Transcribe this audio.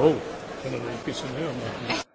Oh, can I repeat some here?